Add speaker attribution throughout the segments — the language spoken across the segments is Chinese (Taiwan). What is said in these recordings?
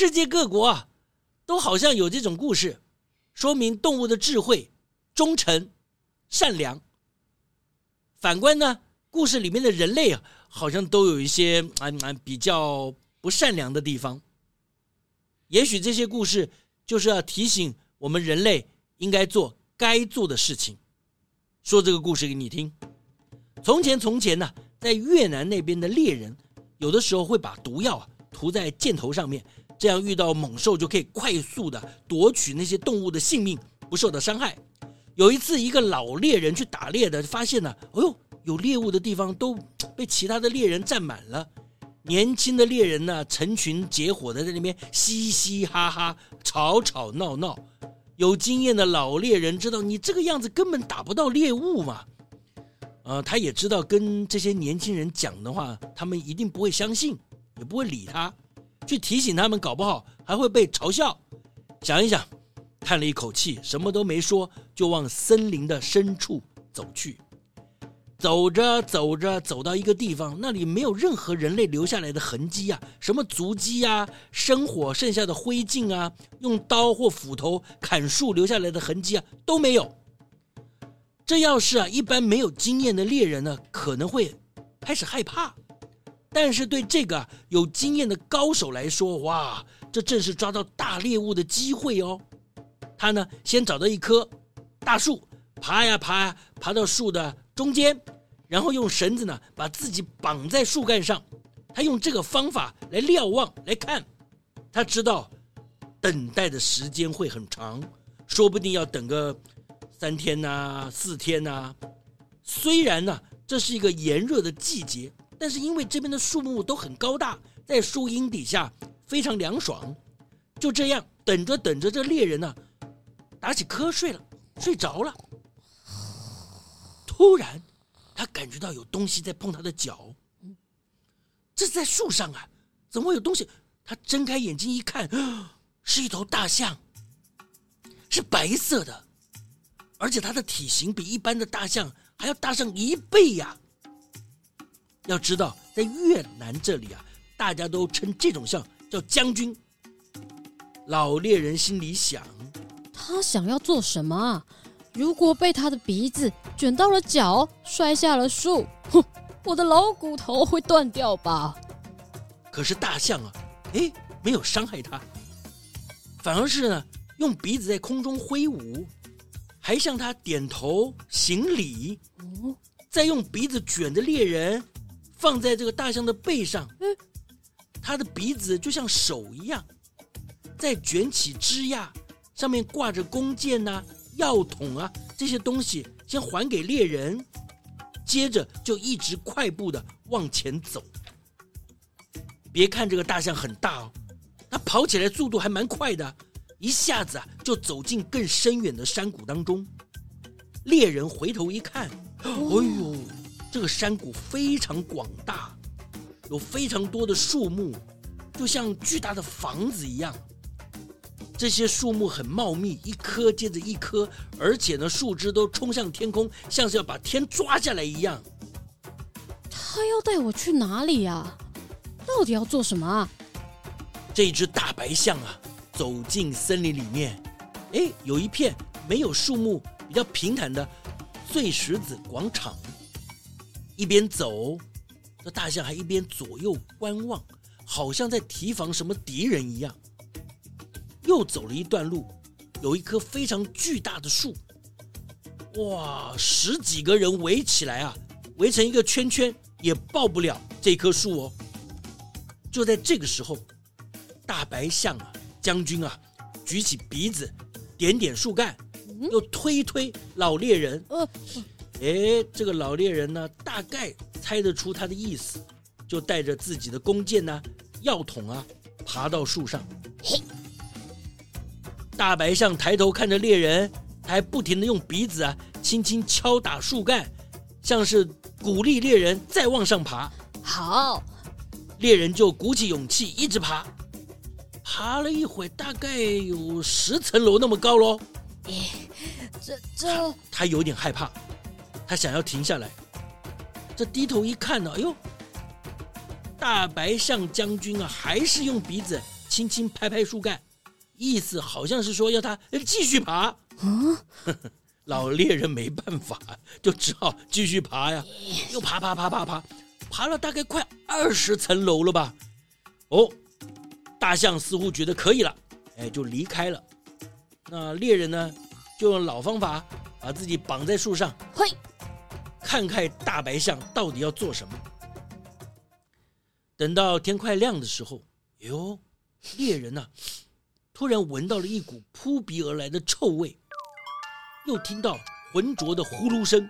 Speaker 1: 世界各國啊，都好像有這種故事，說明動物的智慧、忠誠、善良。反觀呢，故事裡面的人類啊，好像都有一些啊啊比較不善良的地方。也許這些故事就是要、啊、提醒我們人類應該做該做的事情。說這個故事給你聽：從前從前呢、啊，在越南那邊的獵人，有的時候會把毒藥啊。塗在箭頭上面，這樣遇到猛獸就可以快速的奪取那些動物的性命，不受到傷害。有一次，一個老獵人去打獵的，發現呢，哎呦，有獵物的地方都被其他的獵人佔滿了。年輕的獵人呢，成群結夥的在那邊嘻嘻哈哈、吵吵鬧鬧。有經驗的老獵人知道，你這個樣子根本打不到獵物嘛。呃，他也知道跟這些年輕人講的話，他們一定不會相信，也不會理他，去提醒他們，搞不好還會被嘲笑。想一想，嘆了一口氣，什麼都沒說，就往森林的深處走去。走着走着，走到一個地方，那裡沒有任何人類留下來的痕迹啊，什麼足迹呀、啊、生火剩下的灰燼啊、用刀或斧頭砍樹留下來的痕迹啊，都沒有。這要是啊，一般沒有經驗的獵人呢，可能會開始害怕。但是對這個有經驗的高手來說，哇，這正是抓到大獵物的機會哦。他呢，先找到一棵大樹，爬呀爬，爬到樹的中間，然後用繩子呢把自己綁在樹幹上。他用這個方法來瞭望來看，他知道等待的時間會很長，說不定要等個三天吶、四天吶。雖然呢，這是一個炎熱的季節。但是因為這邊的樹木都很高大，在樹蔭底下非常涼爽。就這樣等着等着，這獵人呢、啊、打起瞌睡了，睡着了。突然，他感覺到有東西在碰他的腳，這是在樹上啊？怎麼會有東西？他睜開眼睛一看，是一頭大象，是白色的，而且它的體型比一般的大象還要大上一倍呀、啊！要知道，在越南這裡啊，大家都稱這種象叫將軍。老獵人心裡想：他想要做什麼啊？如果被他的鼻子捲到了腳，摔下了樹，哼，我的老骨頭會斷掉吧？可是大象啊，誒，沒有傷害他，反而是呢，用鼻子在空中揮舞，還向他點頭行禮，哦，再用鼻子捲着獵人。放在這個大象的背上，它、嗯、的鼻子就像手一樣，在卷起枝椏，上面掛着弓箭吶、啊、藥桶啊這些東西，先還給獵人，接着就一直快步的往前走。別看這個大象很大哦，它跑起來速度還蠻快的，一下子啊就走進更深遠的山谷當中。獵人回頭一看，哦、哎呦！這個山谷非常廣大，有非常多的樹木，就像巨大的房子一樣。這些樹木很茂密，一棵接着一棵，而且呢，樹枝都衝向天空，像是要把天抓下來一樣。他要帶我去哪裡呀？到底要做什麼啊？這一只大白象啊，走進森林裡面，誒，有一片沒有樹木、比較平坦的碎石子廣場。一邊走，這大象還一邊左右觀望，好像在提防什麼敵人一樣。又走了一段路，有一棵非常巨大的樹，哇，十幾個人圍起來啊，圍成一個圈圈，也抱不了這棵樹哦。就在這個時候，大白象啊，將軍啊，舉起鼻子，點點樹幹，又推一推老獵人。嗯哎，這個老獵人呢，大概猜得出他的意思，就帶着自己的弓箭呢、啊、藥桶啊，爬到樹上嘿。大白象抬頭看着獵人，他還不停的用鼻子啊，輕輕敲打樹幹，像是鼓勵獵人再往上爬。好，獵人就鼓起勇氣一直爬，爬了一會，大概有十層樓那麼高嘍。哎，這這，他有點害怕。他想要停下來，這低頭一看呢、啊，哎呦，大白象將軍啊，還是用鼻子輕輕拍拍樹幹，意思好像是說要他繼續爬。嗯、 老獵人沒辦法，就只好繼續爬呀，又爬爬爬爬爬，爬，爬了大概快二十層樓了吧。哦，大象似乎覺得可以了，哎，就離開了。那獵人呢，就用老方法把自己綁在樹上，嘿。看看大白象到底要做什麼。等到天快亮的時候，喲，獵人吶、啊，突然聞到了一股撲鼻而來的臭味，又聽到渾濁的呼嚕聲，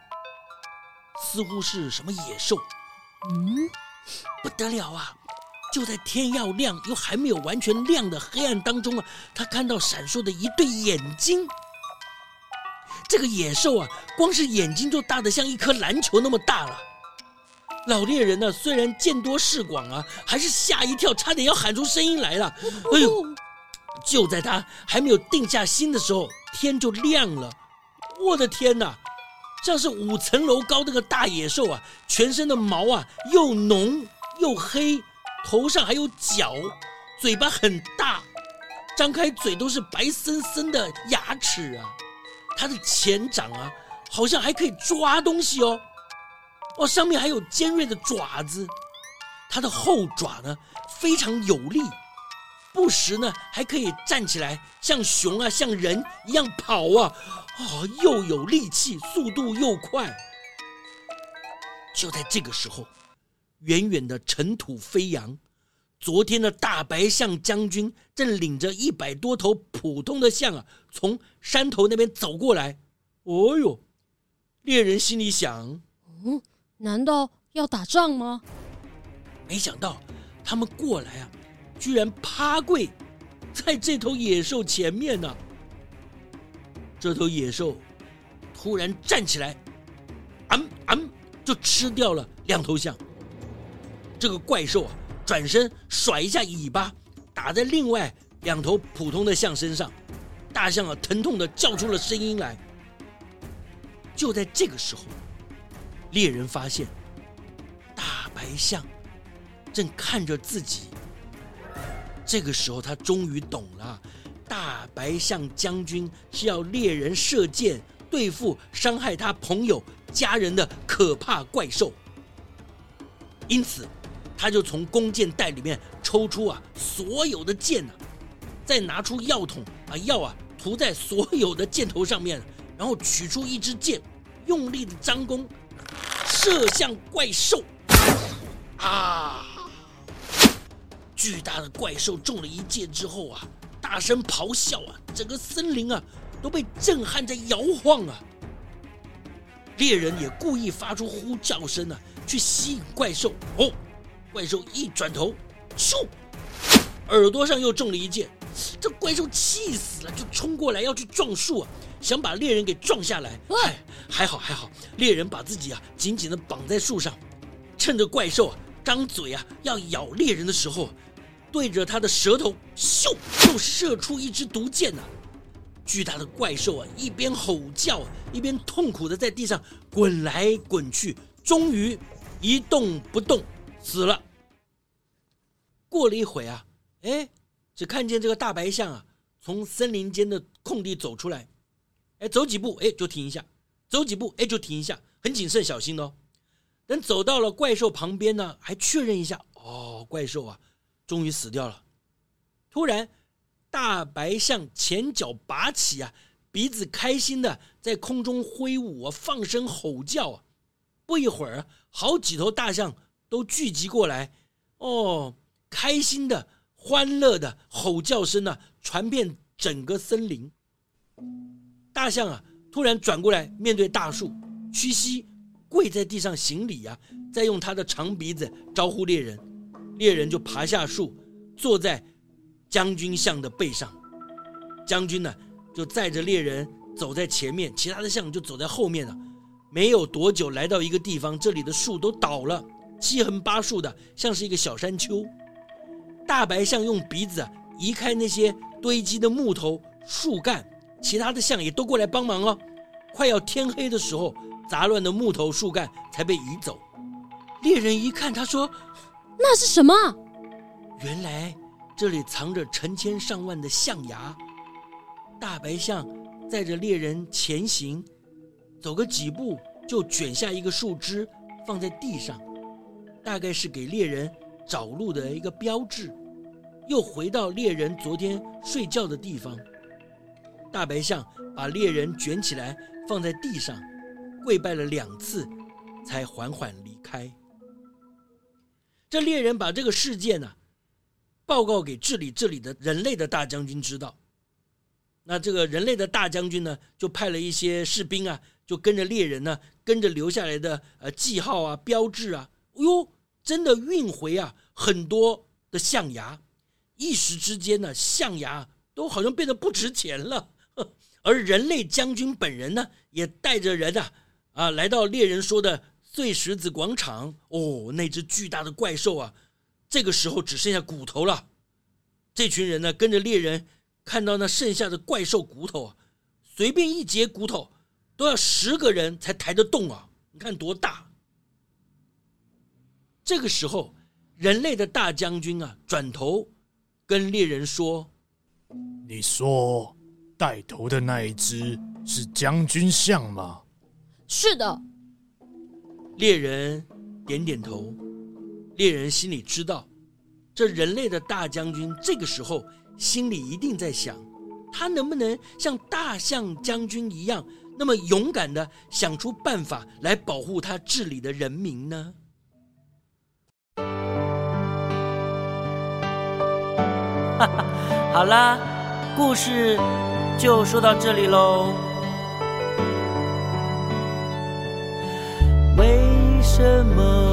Speaker 1: 似乎是什麼野獸。嗯，不得了啊！就在天要亮又還沒有完全亮的黑暗當中啊，他看到閃爍的一對眼睛。這個野獸啊，光是眼睛就大得像一顆籃球那麼大了。老獵人呢、啊，雖然見多識廣啊，還是嚇一跳，差點要喊出聲音來了。哦、哎呦！就在他還沒有定下心的時候，天就亮了。我的天哪！像是五層樓高那個大野獸啊，全身的毛啊又濃又黑，頭上還有角，嘴巴很大，張開嘴都是白森森的牙齒啊！它的前掌啊，好像還可以抓東西哦，哦，上面還有尖銳的爪子。它的後爪呢，非常有力，不時呢還可以站起來，像熊啊，像人一樣跑啊，啊，哦，又有力氣，速度又快。就在這個時候，遠遠的塵土飛揚。昨天的大白象將軍正領着一百多頭普通的象啊，從山頭那邊走過來。哦呦，獵人心裡想：嗯，難道要打仗嗎？沒想到他們過來啊，居然趴跪在這頭野獸前面呢、啊。這頭野獸突然站起來，嗯嗯，就吃掉了兩頭象。這個怪獸啊！轉身甩一下尾巴，打在另外兩頭普通的象身上，大象啊，疼痛的叫出了聲音來。就在這個時候，獵人發現，大白象正看着自己。這個時候，他終於懂了，大白象將軍是要獵人射箭對付傷害他朋友家人的可怕怪獸，因此。他就從弓箭袋裡面抽出啊所有的箭，啊、再拿出藥桶啊藥啊塗在所有的箭頭上面，然後取出一支箭，用力的張弓，射向怪獸。啊！巨大的怪獸中了一箭之後啊，大聲咆哮啊，整個森林啊都被震撼在搖晃啊。獵人也故意發出呼叫聲啊，去吸引怪獸哦。怪獸一轉頭，咻，耳朵上又中了一箭。這怪獸氣死了，就衝過來要去撞樹啊，想把獵人給撞下來。哎，還好還好，獵人把自己啊緊緊的綁在樹上。趁着怪獸啊張嘴啊要咬獵人的時候，對着他的舌頭咻，又射出一支毒箭吶啊。巨大的怪獸啊一邊吼叫，一邊痛苦的在地上滾來滾去，終於一動不動。死了。過了一會啊，哎，只看見這個大白象啊，從森林間的空地走出來，哎，走幾步，哎，就停一下；走幾步，哎，就停一下，很謹慎小心的哦。等走到了怪獸旁邊呢，還確認一下，哦，怪獸啊，終於死掉了。突然，大白象前腳拔起啊，鼻子開心的在空中揮舞啊，放聲吼叫啊。不一會兒，好幾頭大象。都聚集過來，哦，開心的、歡樂的吼叫聲呢、啊，傳遍整個森林。大象啊，突然轉過來面對大樹，屈膝跪在地上行禮呀、啊，再用它的長鼻子招呼獵人。獵人就爬下樹，坐在將軍象的背上。將軍呢，就載着獵人走在前面，其他的象就走在後面了。沒有多久，來到一個地方，這裡的樹都倒了。七橫八豎的，像是一個小山丘。大白象用鼻子移開那些堆積的木頭、樹幹，其他的象也都過來幫忙哦。快要天黑的時候，雜亂的木頭、樹幹才被移走。獵人一看，他說：“那是什麼？”原來這裡藏着成千上萬的象牙。大白象載着獵人前行，走個幾步就卷下一個樹枝放在地上。大概是給獵人找路的一個標誌，又回到獵人昨天睡覺的地方。大白象把獵人卷起來放在地上，跪拜了兩次，才緩緩離開。這獵人把這個事件呢、啊，報告給治理這裡的人類的大將軍知道。那這個人類的大將軍呢，就派了一些士兵啊，就跟着獵人呢、啊，跟着留下來的呃記號啊、標誌啊，哎呦。真的運回啊，很多的象牙，一時之間呢，象牙都好像變得不值錢了。而人類將軍本人呢，也帶着人啊啊，來到獵人說的碎石子廣場。哦，那只巨大的怪獸啊，這個時候只剩下骨頭了。這群人呢，跟着獵人看到那剩下的怪獸骨頭啊，隨便一截骨頭都要十個人才抬得動啊！你看多大。這個時候，人類的大將軍啊，轉頭跟獵人說：“你說，帶頭的那一只是將軍象嗎？”“是的。”獵人點點頭。獵人心裡知道，這人類的大將軍這個時候心裡一定在想：他能不能像大象將軍一樣，那麼勇敢的想出辦法來保護他治理的人民呢？哈哈，好啦，故事就說到這裡嘍。為什麼？